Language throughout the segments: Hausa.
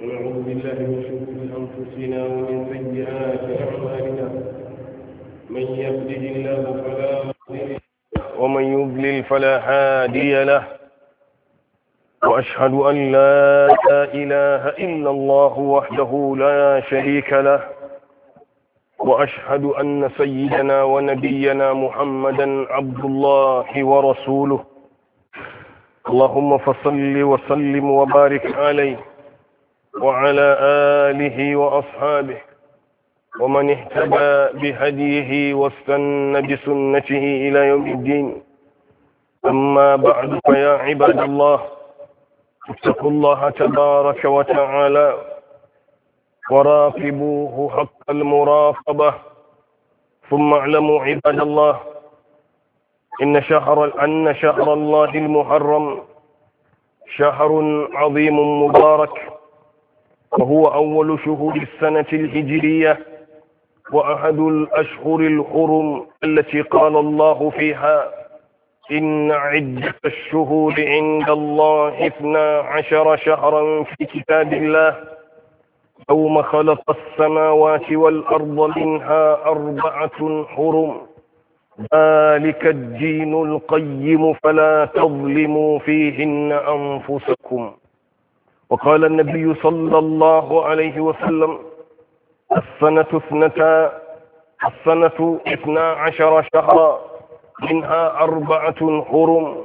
ونعوذ بالله من شرور أنفسنا ومن سيئات أعمالنا من يهده الله فلا مضل ومن يضلل فلا هادي له وأشهد أن لا إله إلا الله وحده لا شريك له وأشهد أن سيدنا ونبينا محمدا عبد الله ورسوله اللهم فصل وسلم وبارك عليه وعلى آله وأصحابه ومن اهتدى بهديه واستنى بسنته إلى يوم الدين أما بعد فيا عباد الله اتقوا الله تبارك وتعالى وراقبوه حق المراقبة ثم اعلموا عباد الله إن شهر أن شهر الله المحرم شهر عظيم مبارك وهو أول شهور السنة الهجرية وأحد الأشهر الحرم التي قال الله فيها إن عدة الشهور عند الله اثنا عشر شهرا في كتاب الله يوم خلق السماوات والأرض منها أربعة حرم ذلك الدين القيم فلا تظلموا فيهن أنفسكم وقال النبي صلى الله عليه وسلم السنة اثنتا السنة اثنا عشر شهرا منها أربعة حرم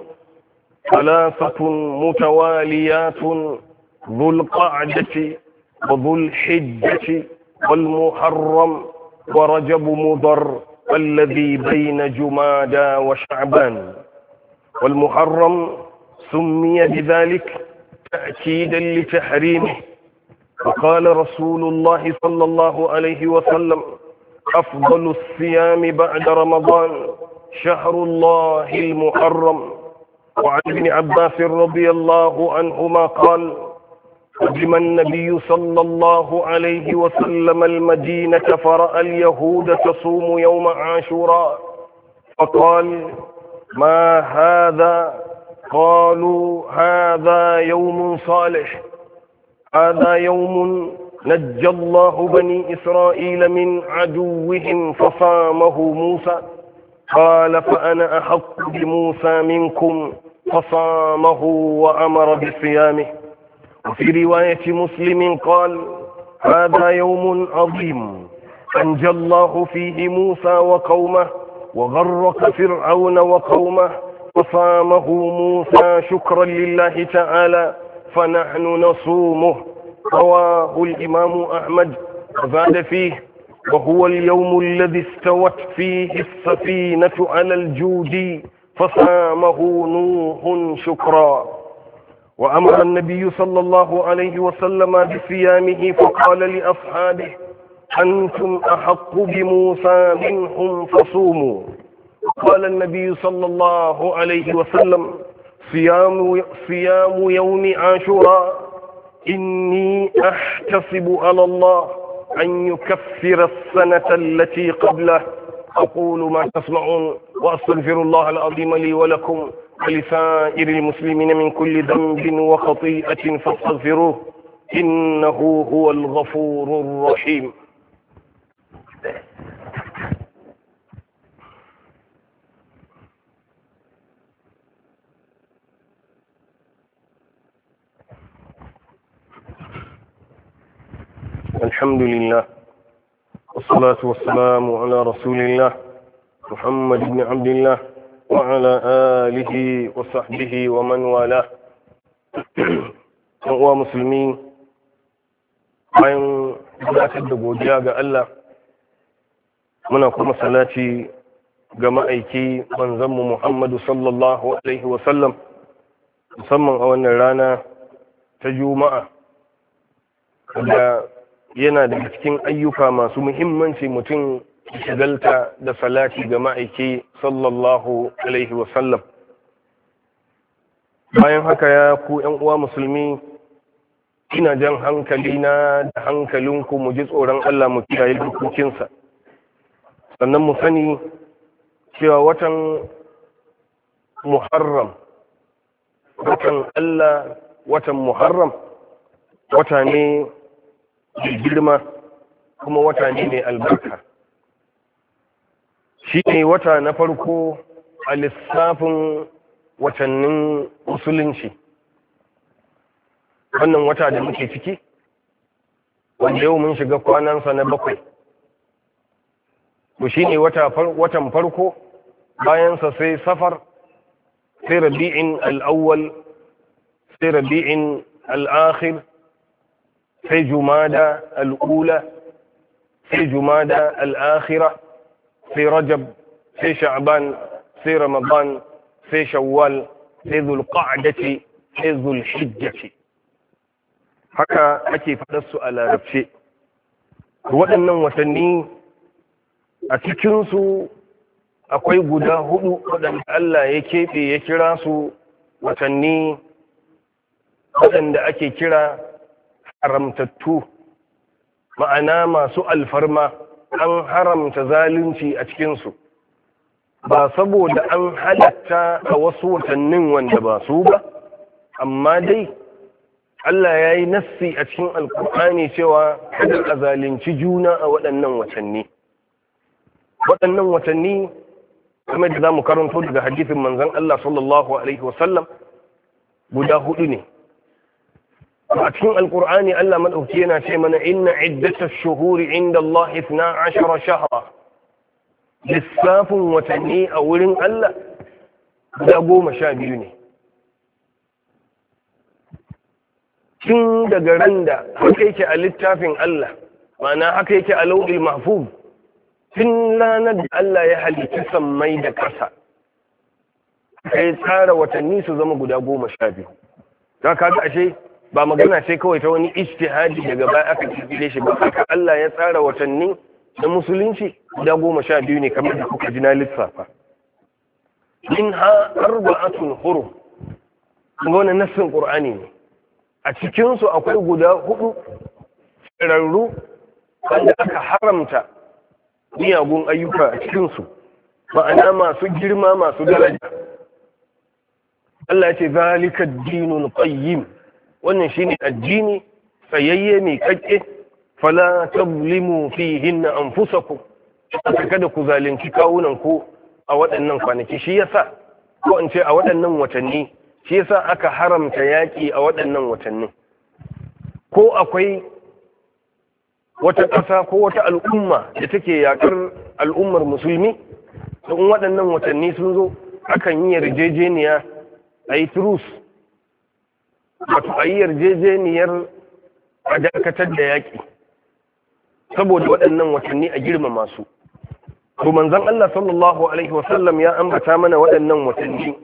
ثلاثة متواليات ذو القعدة وذو الحجة والمحرم ورجب مضر والذي بين جمادى وشعبان والمحرم سمي بذلك تأكيدا لتحريمه وقال رسول الله صلى الله عليه وسلم أفضل الصيام بعد رمضان شهر الله المحرم وعن ابن عباس رضي الله عنهما قال قدم النبي صلى الله عليه وسلم المدينة فرأى اليهود تصوم يوم عاشوراء فقال ما هذا قالوا هذا يوم صالح هذا يوم نجى الله بني إسرائيل من عدوهم فصامه موسى قال فأنا أحق بموسى منكم فصامه وأمر بصيامه وفي رواية مسلم قال هذا يوم عظيم أنجى الله فيه موسى وقومه وغرق فرعون وقومه وصامه موسى شكرا لله تعالى فنحن نصومه رواه الإمام أحمد وزاد فيه وهو اليوم الذي استوت فيه السفينة على الجود فصامه نوح شكرا وأمر النبي صلى الله عليه وسلم بصيامه فقال لأصحابه أنتم أحق بموسى منهم فصوموا قال النبي صلى الله عليه وسلم صيام, صيام يوم عاشوراء إني أحتسب على الله أن يكفر السنة التي قبله أقول ما تسمعون وأستغفر الله العظيم لي ولكم ولسائر المسلمين من كل ذنب وخطيئة فاستغفروه إنه هو الغفور الرحيم الحمد لله والصلاة والسلام على رسول الله محمد بن عبد الله وعلى آله وصحبه ومن والاه uwa musulmi bayan gabatar da godiya ga Allah muna kuma salaci ga ma'aiki manzanmu Muhammadu sallallahu alaihi wasallam musamman a wannan rana ta juma'a da yana daga cikin ayyuka masu muhimmanci mutum shagalta da salati ga ma'aiki sallallahu alaihi wasallam bayan haka ya ku yan uwa musulmi ina jan hankalina da hankalinku mu ji tsoron Allah mu kiyaye dokokinsa sannan mu sani cewa watan muharram watan Allah watan muharram wata ne girma kuma wata ne mai albarka shi ne wata na farko a lissafin watannin musulunci wannan wata da muke ciki wanda yau mun shiga kwanansa na bakwai to shi ne watan farko bayansa sai safar sai rabi'in al'awwal sai rabi'in al'akhir sai jumada al'ula sai jumada al'akhira sai rajab sai Sha'aban, sai ramadan sai shawwal sai zulqa'dati sai zulhijjati haka ake faɗar su a larabce waɗannan watanni a cikinsu akwai guda huɗu, waɗanda Allah ya keɓe ya kira su watanni waɗanda ake kira haramtattu ma'ana masu alfarma an haramta zalunci a cikinsu ba saboda an halatta a wasu watannin wanda ba su ba amma dai Allah ya yi nassi a cikin alkur'ani cewa kada a zalunci juna a waɗannan watanni waɗannan watanni kamar da za mu karanto daga hadisin manzon Allah sallallahu alaihi wasallam guda hudu ne a cikin alkur'ani Allah madauki yana ce mana inna iddatash shuhuri inda Allah 12 shahra lissafin watanni a wurin Allah da goma sha biyu ne tun daga ran da haka yake a littafin Allah ma'ana haka yake a lauɗin mahfuz tun ranar da Allah ya halitta sammai da ƙasa sai tsara watanni su zama guda goma sha biyu Za ka kaga ashe ba magana sai kawai ta wani istihadi daga baya aka kirkire shi ba aka Allah ya tsara watanni na musulunci da goma sha biyu ne kamar da kuka ji na lissafa in ha arba'atun hurum huru ga wani nassin qur'ani ne a cikin akwai guda hudu tsirarru wanda aka haramta miyagun ayyuka a cikin su ma'ana masu girma masu daraja Allah ya ce zalika dinul qayyim wannan shine addini tsayayye mai kakke fala tablimu fihin anfusakum kada ku zalunci kawunan ku a waɗannan kwanaki shi yasa ko in ce a waɗannan watanni shi yasa aka haramta yaƙi a waɗannan watanni ko akwai wata ƙasa ko wata al'umma da take yaƙar al'ummar musulmi in waɗannan watanni sun zo akan yi yarjejeniya a yi turus wato a yi yarjejeniyar a dakatar da yaƙi saboda waɗannan watanni a girmama su to manzon Allah sallallahu alaihi wasallam ya ambata mana waɗannan watanni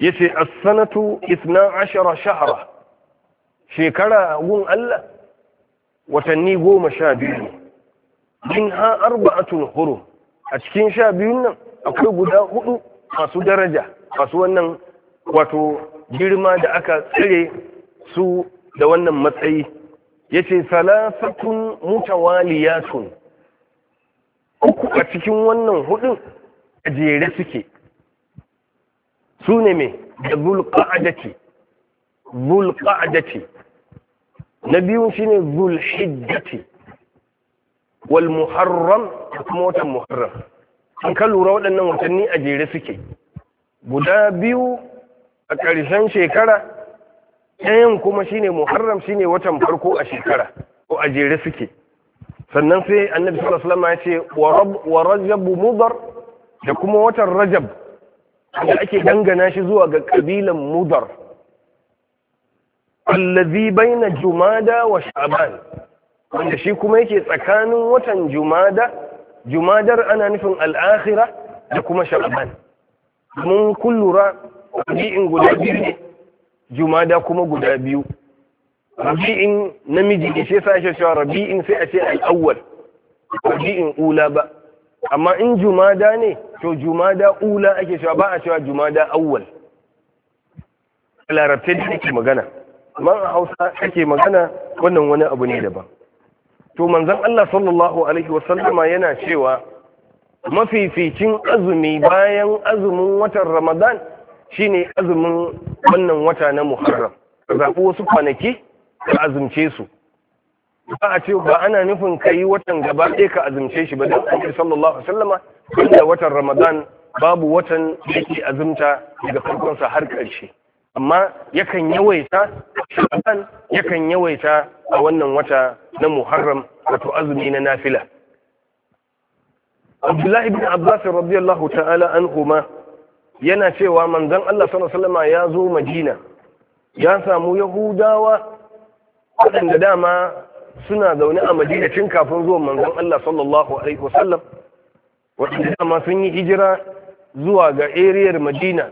yace as-sanatu 12 shahara, shekara gun Allah watanni goma sha biyu min ha arba'atul hurum a cikin sha biyun nan akwai guda hudu masu daraja masu wannan wato girma da aka tsire su da wannan matsayi ya yace mutawaliya mutawaliyatun uku a cikin wannan hudun a jere suke su ne mai da a zulqa'adati na biyun shine zulhiddati wal muharram da kuma watan muharram an ka lura waɗannan watanni a jere suke guda biyu a ƙarshen shekara ɗayan kuma shine muharram shine watan farko a shekara ko a jere suke sannan sai annabi sallallahu alaihi wasallam ya ce wa rajabu mudar da kuma watan rajab da ake dangana shi zuwa ga kabilan mudar allazi baina jumada wa sha'ban wanda shi kuma yake tsakanin watan jumada jumadar ana nufin al'akhira da kuma sha'ban mun kullura rabi'in guda biyu ne jumada kuma guda biyu rabi'in namiji ne sai sashe cewa rabi'in sai a ce al'awwal rabi'in ula ba amma in jumada ne to jumada ula ake cewa ba a cewa jumada awwal larabce da ake magana man a hausa ake magana wannan wani abu ne daban to manzon Allah sallallahu alaihi wasallama yana cewa mafificin azumi bayan azumin watan ramadan shine azumin wannan wata na muharram zaɓi wasu kwanaki ka azumce su ba a ce ba ana nufin ka yi watan gaba ɗaya ka azumce shi ba don annabi sallallahu alaihi wasallama da watan ramadan babu watan da yake azumta daga farkonsa har ƙarshe amma yakan yawaita sha'ban yakan yawaita a wannan wata na muharram wato azumi na nafila abdullahi bin abbas radiyallahu ta'ala ma yana cewa manzan Allah sallallahu ya zo Madina ya samu Yahudawa waɗanda dama suna zaune a Madina cin kafin zuwan manzan Allah sallallahu alaihi wasallam waɗanda dama sun yi hijira zuwa ga eriyar Madina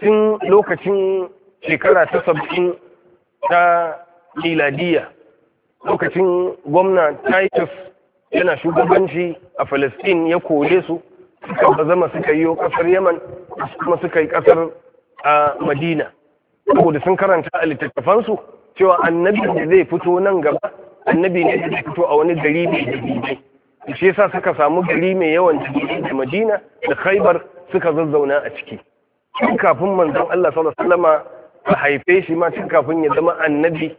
Cin lokacin shekara ta saba'in ta miladiya lokacin gwamna Titus yana shugabanci a Falastin ya kore su suka zama suka yi kasar yaman kuma suka yi kasar a madina saboda sun karanta a littattafansu cewa annabi ne zai fito nan gaba annabi ne zai fito a wani gari mai shi yasa suka samu gari mai yawan dabibai da madina da khaibar suka zazzauna a ciki tun kafin manzon Allah sallallahu alaihi wasallam a haife shi ma tun kafin ya zama annabi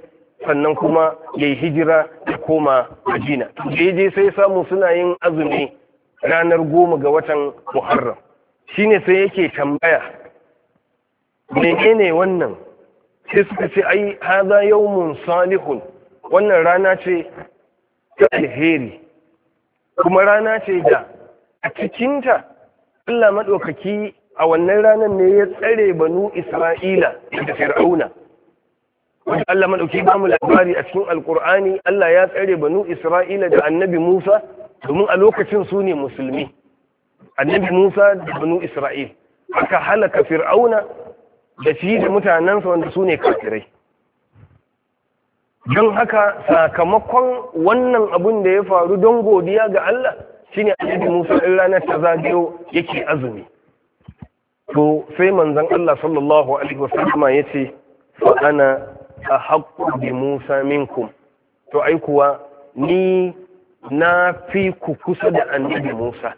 sannan kuma ya yi hijira ya koma Madina. Da je sai samu suna yin azumi ranar goma ga watan muharram shine sai yake tambaya ne wannan sai suka ce ai haza yawmun salihun wannan rana ce ta alheri kuma rana ce da a cikinta Allah maɗaukaki a wannan ranar ne ya tsare banu Isra'ila da Fir'auna. Wanda Allah maɗauki ba mu labari a cikin Alƙur'ani Allah ya tsare banu Isra'ila da annabi Musa domin a lokacin su ne musulmi annabi musa da banu isra'il aka halaka fir'auna da shi da mutanensa wanda su ne kafirai don haka sakamakon wannan abun da ya faru don godiya ga allah shine annabi musa ɗin ranar ta zagayo yake azumi to sai manzon allah sallallahu alaihi wasallama ya ce fa'ana ana a haƙƙo bi musa minkum to ai kuwa ni na fi ku kusa da annabi Musa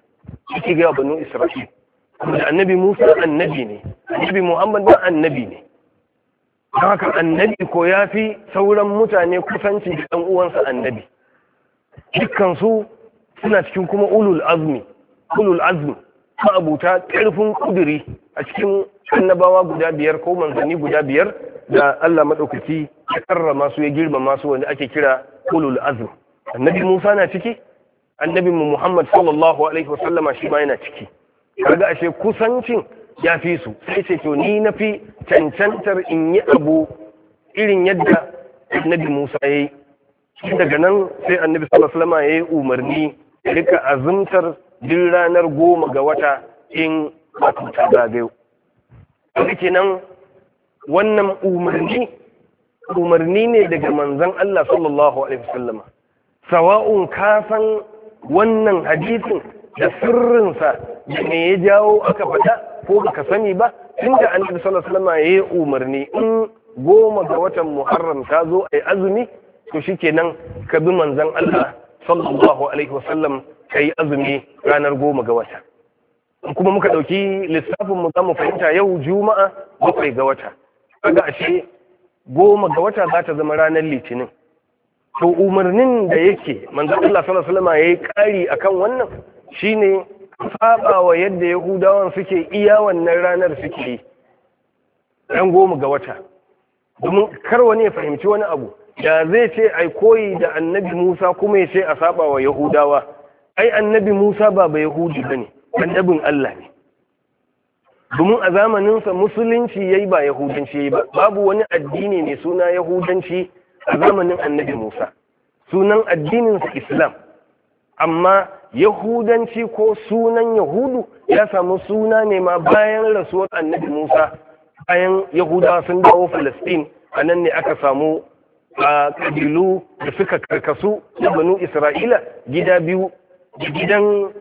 yake ga banu Isra'il kuma da annabi Musa annabi ne annabi Muhammad ba annabi ne haka annabi ko ya fi sauran mutane kusanci da ɗan uwansa annabi dukkan suna cikin kuma ulul azmi ulul azmi ma'abuta ƙarfin ƙuduri a cikin annabawa guda biyar ko manzanni guda biyar da Allah maɗaukaki ya karrama su ya girma su wanda ake kira ulul azmi annabi Musa na ciki annabi Muhammad sallallahu alaihi wasallama shi ma yana ciki karga ashe kusancin ya fi su sai ce to ni na fi cancantar in yi abu irin yadda annabi Musa ya yi daga nan sai annabi sallallahu alaihi wasallama ya yi umarni rika azumtar duk ranar goma ga wata in wato ta zagayo kaga kenan wannan umarni umarni ne daga manzon Allah sallallahu alaihi wasallama sawa'un kasan wannan hadisin da sirrinsa da me ya jawo aka faɗa ko baka sani ba da annabi sallallahu alaihi wasallam yayi umarni in goma ga watan muharram ta zo ai azumi to shikenan ka bi manzon Allah sallallahu alaihi wasallam kai azumi ranar goma ga wata kuma muka ɗauki lissafin mu zamu fahimta yau juma'a bakwai ga wata kaga ashe goma ga wata za ta zama ranar litinin to umarnin da yake manzo Allah sallallahu alaihi wasallam yayi kari akan wannan shine wa yadda yahudawan suke iya wannan ranar suke dan goma ga wata domin kar wani ya fahimci wani abu da zai ce ai koyi da annabi Musa kuma ya ce a saba wa Yahudawa ai annabi Musa ba ba Yahudi bane annabin Allah ne domin a zamanin sa, musulunci yayi ba yahudanci yayi ba babu wani addini ne suna yahudanci a zamanin annabi Musa sunan addininsa Islam amma yahudanci ko sunan yahudu ya samu suna ne ma bayan rasuwar annabi Musa bayan yahudawa sun dawo Falastin a nan ne aka samu a kabilu da suka karkasu na banu Isra'ila gida biyu da gidan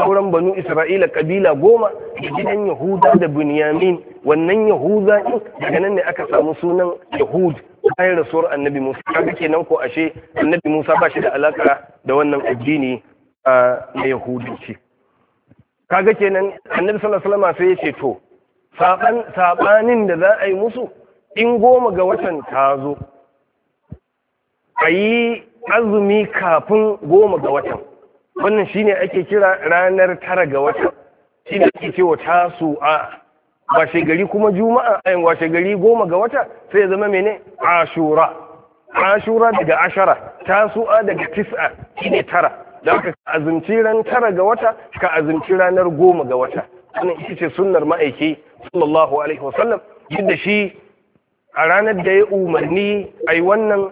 sauran banu Isra'ila ƙabila goma da gidan Yahuda da Bunyamin wannan Yahuda daga nan ne aka samu sunan Yahudu. bayan rasuwar annabi musa kaga kenan ko ashe annabi musa ba shi da alaka da wannan addini na yahudanci kaga kenan annabi sallallahu alaihi wasallam sai ya ce to saban sabanin da za a yi musu in goma ga watan ta zo a yi azumi kafin goma ga watan wannan shine ake kira ranar tara ga watan shine ake cewa tasu a washe gari kuma juma'a ayin eh, washe gari goma ga wata sai ya zama mene ashura ashura daga ashara tasu'a daga tis'a ne tara da ka azumci ran tara ga wata ka azumci ranar goma ga wata wannan ita ce sunnar ma'aiki sallallahu alaihi wasallam yadda shi a ranar da ya umarni ai wannan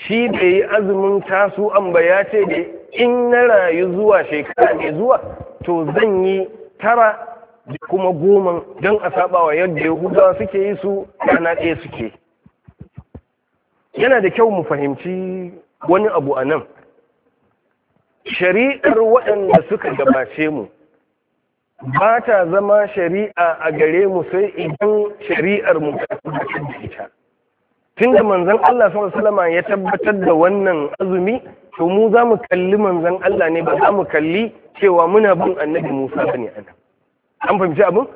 shi da yi azumin tasu'an ba ya ce da in na rayu zuwa shekara mai zuwa to zan yi tara da kuma goma don a sabawa yadda yahudawa suke yi su yana ɗaya suke yana da kyau mu fahimci wani abu a nan shari'ar waɗanda suka gabace mu ba ta zama shari'a a gare mu sai idan shari'ar mu ta tabbatar da ita tun da manzan Allah sallallahu ya tabbatar da wannan azumi to mu za mu kalli manzan Allah ne ba za mu kalli cewa muna bin annabi Musa bane anan an fahimci abin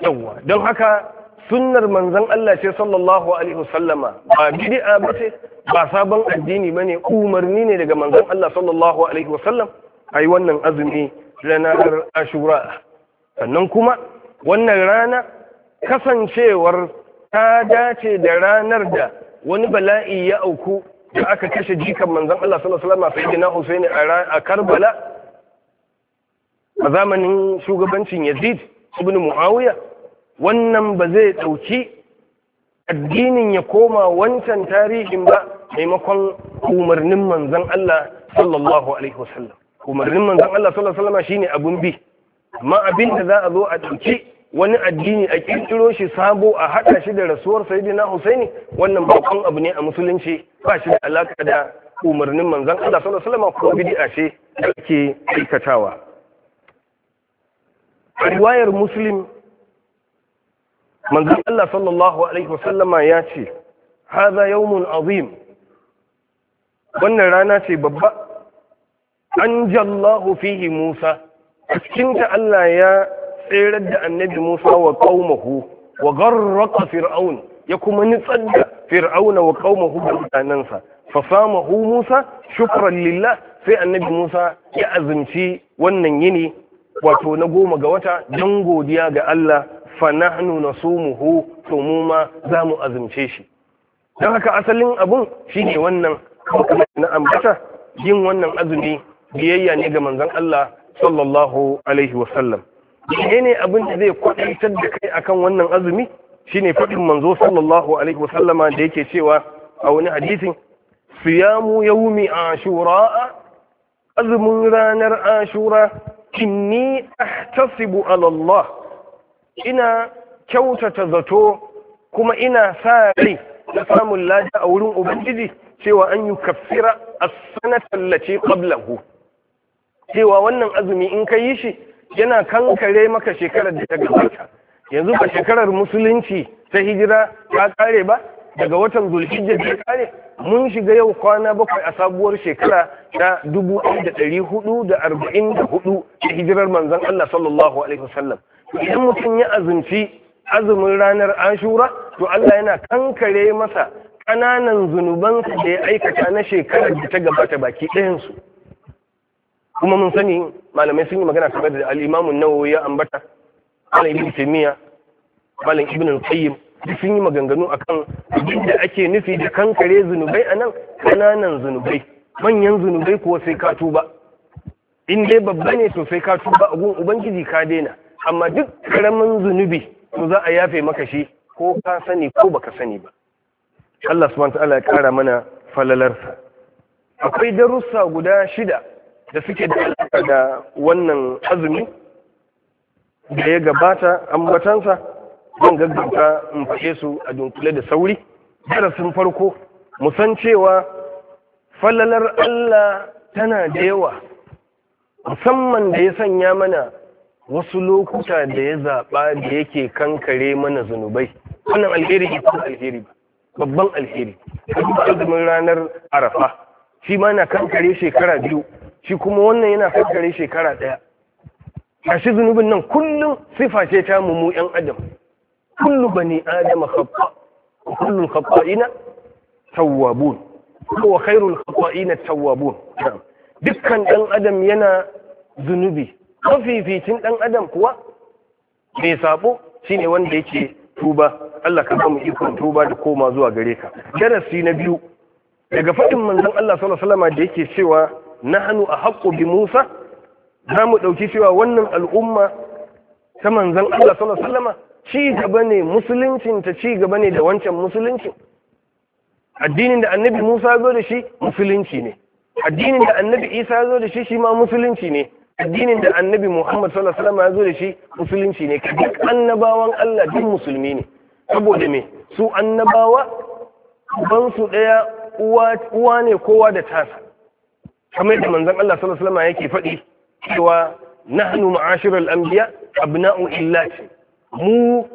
yawwa don haka sunnar manzan Allah ce sallallahu alaihi wasallama ba bid'a ba ce ba sabon addini bane umarni ne daga manzan Allah sallallahu alaihi wasallam ai wannan azumi ranar Ashura sannan kuma wannan rana kasancewar ta dace da ranar da wani bala'i ya auku da aka kashe jikan manzan Allah sallallahu alaihi wasallam sayyidina Husaini a Karbala a zamanin shugabancin Yazid ibn muawiya wannan ba zai ɗauki addinin ya koma wancan tarihin ba maimakon umarnin manzon Allah sallallahu alaihi wasallam umarnin manzon Allah sallallahu alaihi wasallam shine abun bi amma abin da za a zo a ɗauki wani addini a kirkiro shi sabo a haɗa shi da rasuwar sayyidina Husaini wannan bakon abu ne a musulunci ba shi da alaka da umarnin manzon Allah sallallahu alaihi wasallam ko bid'a ce da ake aikatawa a riwayar muslim manzon Allah sallallahu alaihi wasallama ya ce haza yawmun azim wannan rana ce babba an jallahu fihi Musa a cikinta Allah ya tserar da annabi Musa wa qaumahu wa garraqa fir'aun ya kuma nitsar da fir'auna wa qaumahu da mutanansa fa samahu Musa shukran lillah sai annabi Musa ya azumci wannan yini wato na goma ga wata don godiya ga Allah fa nahnu nasumuhu to mu ma za mu azumce shi don haka asalin abun shine wannan na ambata yin wannan azumi biyayya ne ga manzon Allah sallallahu alaihi wasallam ne abin da zai kwadaitar da kai akan wannan azumi Shi ne faɗin manzo sallallahu alaihi wasallama da yake cewa a wani hadisin siyamu shura ashura azumin ranar ashura inni ahtasibu ala ina kyautata zato kuma ina sa rai da samun lada a wurin ubangiji cewa an yi kafira a sanatan lace qablahu cewa wannan azumi in ka yi shi yana kankare maka shekarar da ta gabata yanzu ba shekarar musulunci ta hijira ta kare ba daga watan zulhijja da kare mun shiga yau kwana bakwai a sabuwar shekara ta dubu da ɗari hudu da arba'in da hudu da hijirar manzan Allah sallallahu alaihi wasallam idan mutum ya azumci azumin ranar ashura to Allah yana kankare masa ƙananan zunubansa da ya aikata na shekarar da ta gabata baki ɗayansu kuma mun sani malamai sun yi magana kamar da al'imamun nawawi ya ambata malam ibn taymiya malam ibn al-qayyim da sun yi maganganu kan abin da ake nufi da kankare zunubai a nan ƙananan zunubai manyan zunubai kuwa sai ka tuba in dai babba ne to sai ka tuba a ubangiji ka daina amma duk karamin zunubi to za a yafe maka shi ko ka sani ko baka sani ba Allah subhanahu ta'ala ya kara mana falalarsa akwai darussa guda shida da suke da alaƙa da wannan azumi da ya gabata ambatansa zan gaggauta in faɗe su a dunkule da sauri darasin farko mu san cewa falalar Allah tana da yawa musamman da ya sanya mana wasu lokuta da ya zaɓa da yake kankare mana zunubai wannan alheri ne kuma alheri babban alheri azumin ranar arafa shi ma na kankare shekara biyu shi kuma wannan yana kankare shekara ɗaya shi zunubin nan kullum sifa ce ta mu mu 'yan adam kullu bani adama khata kullu khata'ina tawwabun wa khairul khata'ina tawwabun dukkan dan adam yana zunubi mafificin dan adam kuwa mai sabo shine wanda yake tuba Allah ka ba ikon tuba da koma zuwa gare ka darasi na biyu daga faɗin manzon Allah sallallahu alaihi da yake cewa na nahnu ahqqu bi Musa za mu ɗauki cewa wannan al'umma ta manzon Allah sallallahu alaihi ci gaba ne musuluncin ta ci gaba ne da wancan musuluncin addinin da annabi Musa zo da shi musulunci ne addinin da annabi Isa zo da shi shi ma musulunci ne addinin da annabi Muhammad sallallahu alaihi wasallam ya zo da shi musulunci ne duk annabawan Allah duk musulmi ne saboda me su annabawa ban su daya uwa ne kowa da tasa kamar da manzon Allah sallallahu alaihi wasallam yake faɗi cewa nahnu ma'ashiral anbiya abna'u illati mu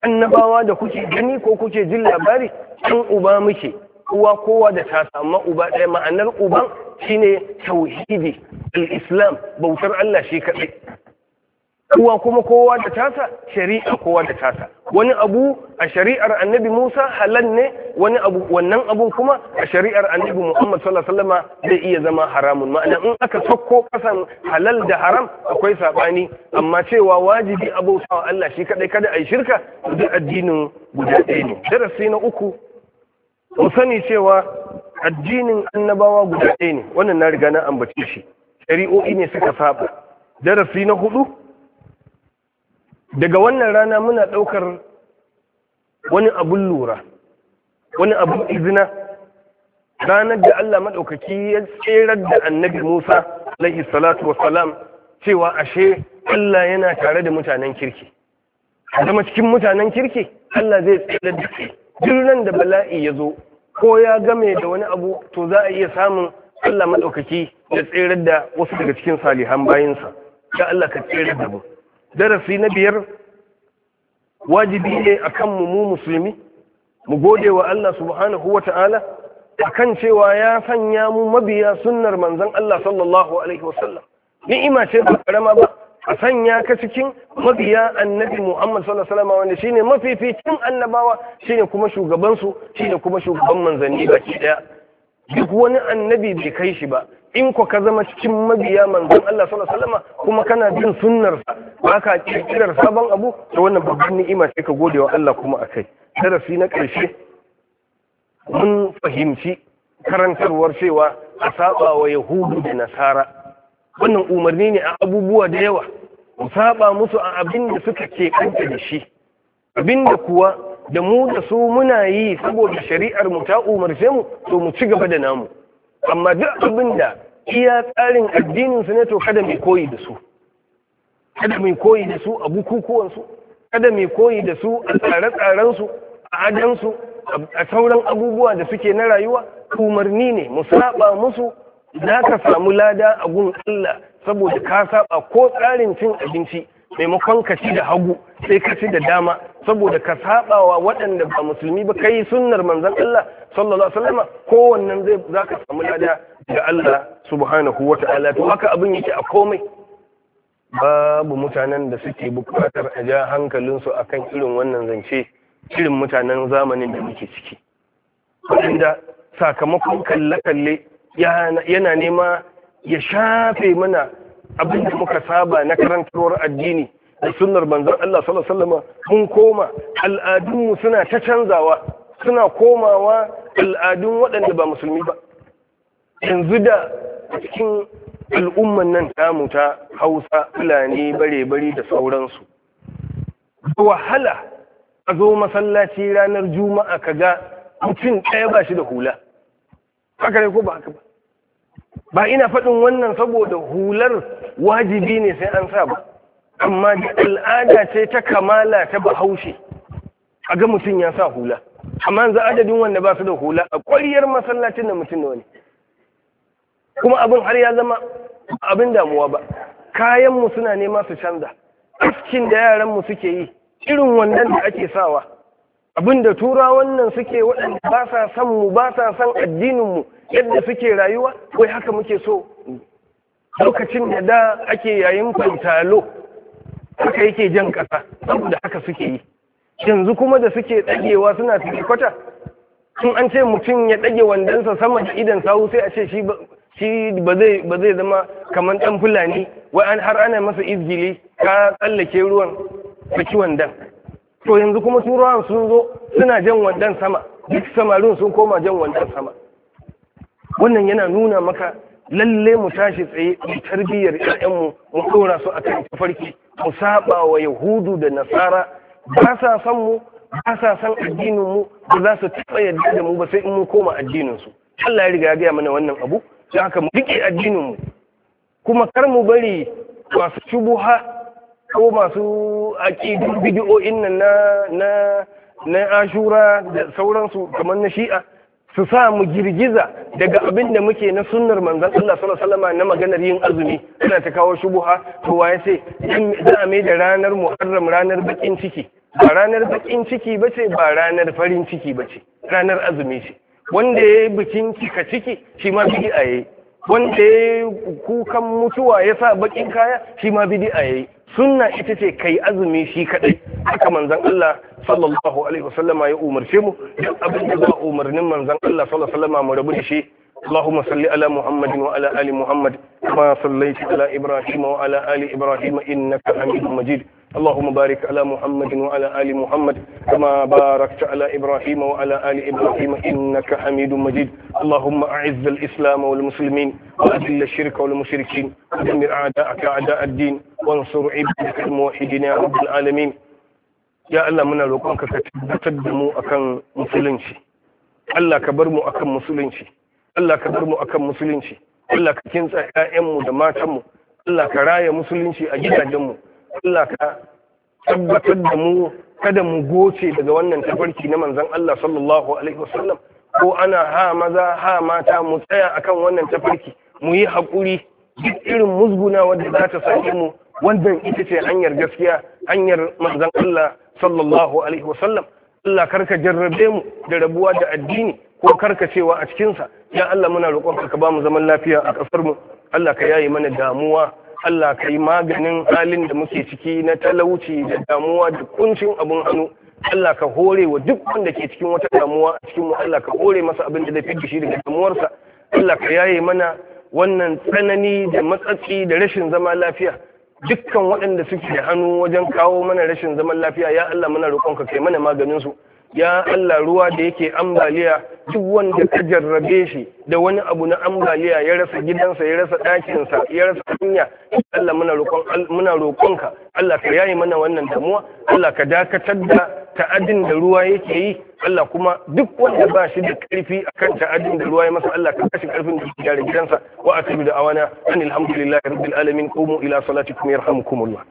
annabawa da kuke gani ko kuke jin labari ɗan uba muke uwa kowa da ta amma uba ɗaya ma'anar uban shine tauhidi al-islam bautar Allah shi kaɗai Kuwa kuma kowa da tasa shari'a kowa da tasa wani abu a shari'ar annabi Musa halal ne wani abu wannan abun kuma a shari'ar annabi Muhammad sallallahu alaihi wasallam zai iya zama haramun ma'ana in aka sako kasan halal da haram akwai sabani amma cewa wajibi abautawa Allah shi kadai kada ai shirka da addinin guda ɗaya ne darasi na uku mu sani cewa addinin annabawa guda ɗaya ne wannan na riga na ambace shi shari'o'i ne suka saba darasi na hudu daga wannan rana muna ɗaukar wani abun lura wani abun izina ranar da Allah maɗaukaki ya tserar da annabi Musa alaihi salatu wassalam cewa ashe Allah yana tare da mutanen kirki zama cikin mutanen kirki Allah zai tserar da kai duk da bala'i ya zo ko ya game da wani abu to za a iya samun Allah maɗaukaki ya tserar da wasu daga cikin salihan bayansa. ya Allah ka tserar da mu darasi na biyar wajibi ne a kanmu mu musulmi mu gode wa Allah subhanahu wa ta'ala a kan cewa ya sanya mu mabiya sunnar manzon Allah sallallahu alaihi wasallam ni'ima ce ba karama ba a sanya ka cikin mabiya annabi Muhammad sallallahu wanda shine mafificin annabawa shine kuma shugabansu, shine kuma shugaban manzanni baki daya duk wani annabi bai kai shi ba in ko ka zama cikin mabiya manzon Allah sallallahu alaihi wasallam kuma kana jin sunnar ba ka kirkirar sabon abu to wannan babban ni'ima sai ka gode wa Allah kuma akai darasi na karshe mun fahimci karantarwar cewa a saba wa yahudu da nasara wannan umarni ne a abubuwa da yawa mu saba musu a abin da suka ke kanta da shi abin da kuwa da mu da su muna yi saboda shari'ar mu ta umarce mu to mu ci gaba da namu amma duk abinda. iya tsarin addininsu ne to kada mai koyi da su kada mai koyi da su a bukukuwansu kada mai koyi da su a tsare-tsarensu a adansu a sauran abubuwa da suke na rayuwa umarni ne mu saba musu za ka samu lada a gun Allah saboda ka saba ko tsarin cin abinci maimakon ka ci da hagu sai ka ci da dama saboda ka saɓawa waɗanda ba musulmi ba kai sunnar manzon Allah sallallahu alaihi wasallam kowannan zai zaka samu lada ga Allah subhanahu wata'ala to haka abin yake a komai babu mutanen da suke bukatar a ja hankalinsu akan irin wannan zance irin mutanen zamanin da muke ciki waɗanda sakamakon kalle-kalle yana nema ya shafe mana abin da muka saba na karantarwar addini da sunnar manzon Allah sallallahu alaihi mun koma al'adunmu suna ta canzawa suna komawa al'adun waɗanda ba musulmi ba yanzu da cikin al'umman nan ta muta hausa fulani bare-bare da sauransu wahala a zo masallaci ranar juma'a ka ga mutum ɗaya ba shi da hula haka ne ko ba haka ba ba ina faɗin wannan saboda hular wajibi ne sai an sa ba amma al'ada ce ta kamala ta bahaushe a ga mutum ya sa hula amma yanzu adadin wanda ba su da hula a ƙwariyar masallacin da mutum da kuma abin har ya zama abin damuwa ba kayanmu suna nema su canza askin da yaranmu suke yi irin wannan da ake sawa abin da tura wannan suke waɗanda ba sa san mu ba sa san addininmu yadda suke rayuwa wai haka muke so lokacin da da ake yayin fantalo haka yake jan ƙasa saboda haka suke yi yanzu kuma da suke ɗagewa suna fi kwata in an ce mutum ya ɗage wandansa sama da idan sawu sai a ce shi ba zai zama kamar ɗan fulani wai an har ana masa izgili ka tsallake ruwan saki wandan to yanzu kuma turawan sun zo suna jan wandan sama duk samarin sun koma jan wandan sama wannan yana nuna maka lalle mu tashi tsaye mu tarbiyyar 'ya'yanmu mu ɗora su akan tafarki mu saba wa yahudu da nasara ba sa san mu ba sa san addinin mu ba za su taɓa yadda da mu ba sai in mu koma addinin su Allah ya riga ya gaya mana wannan abu sai haka mu rike addinin mu kuma kar mu bari masu shubuha ko masu aƙidun bidiyo'in nan na na na ashura da sauransu kamar na shi'a su sa mu girgiza daga abin da muke na sunnar manzon Allah sallallahu alaihi na maganar yin azumi ana ta kawo shubuha to waye sai za a mai da ranar Muharram ranar bakin ciki ba ranar bakin ciki bace ba ranar farin ciki bace ranar azumi ce wanda yayi bikin cika ciki shi ma a yayi wanda ya kukan mutuwa ya sa bakin kaya shi ma a yayi sunna ita ce kai azumi shi kadai haka manzon Allah sallallahu alaihi wasallam ya umarce mu duk abin da ba umarnin manzon Allah sallallahu alaihi wasallam mu rabu da shi اللهم صل على محمد وعلى ال محمد كما صليت على ابراهيم وعلى ال ابراهيم انك حميد مجيد اللهم بارك على محمد وعلى آل محمد كما باركت على إبراهيم وعلى آل إبراهيم إنك حميد مجيد اللهم أعز الإسلام والمسلمين وأذل الشرك والمشركين ودمر أعداءك أعداء الدين وانصر عبادك الموحدين يا رب العالمين ya Allah muna roƙonka ka tabbatar da mu akan musulunci Allah ka bar mu akan musulunci Allah ka bar mu akan musulunci Allah ka kintsa ƴaƴanmu da matanmu Allah ka raya musulunci a gidajenmu Allah ka tabbatar da mu kada mu goce daga wannan tafarki na manzan Allah sallallahu alaihi wasallam ko ana ha maza ha mata mu tsaya akan wannan tafarki mu yi haƙuri duk irin musguna wadda za ta same mu wannan ita ce hanyar gaskiya hanyar manzan Allah sallallahu alaihi wasallam Allah karka jarrabe mu da rabuwa da addini ko karka cewa a cikinsa ya Allah muna roƙonka ka ba mu zaman lafiya a ƙasar mu Allah ka yayi mana damuwa Allah ka yi maganin halin da muke ciki na talauci da damuwa da kuncin abin hannu Allah ka hore wa duk wanda ke cikin wata damuwa a cikin mu Allah ka hore masa abin da zai fi shi daga damuwarsa Allah ka yaye mana wannan tsanani da matsatsi da rashin zama lafiya dukkan waɗanda suke da hannu wajen kawo mana rashin zaman lafiya ya Allah muna roƙonka kai mana maganin su ya Allah ruwa da yake ambaliya duk wanda ka jarrabe shi da wani abu na ambaliya ya rasa gidansa ya rasa ɗakinsa ya rasa hanya Allah muna roƙonka Allah ka yayi mana wannan damuwa Allah ka dakatar da ta'adin da ruwa yake yi Allah kuma duk wanda ba shi da ƙarfi akan ta'adin da ruwa ya masa Allah ka kashi ƙarfin da gyara gidansa wa asibi da awana anil hamdulillahi rabbil alamin qumu ila salatikum yarhamukumullah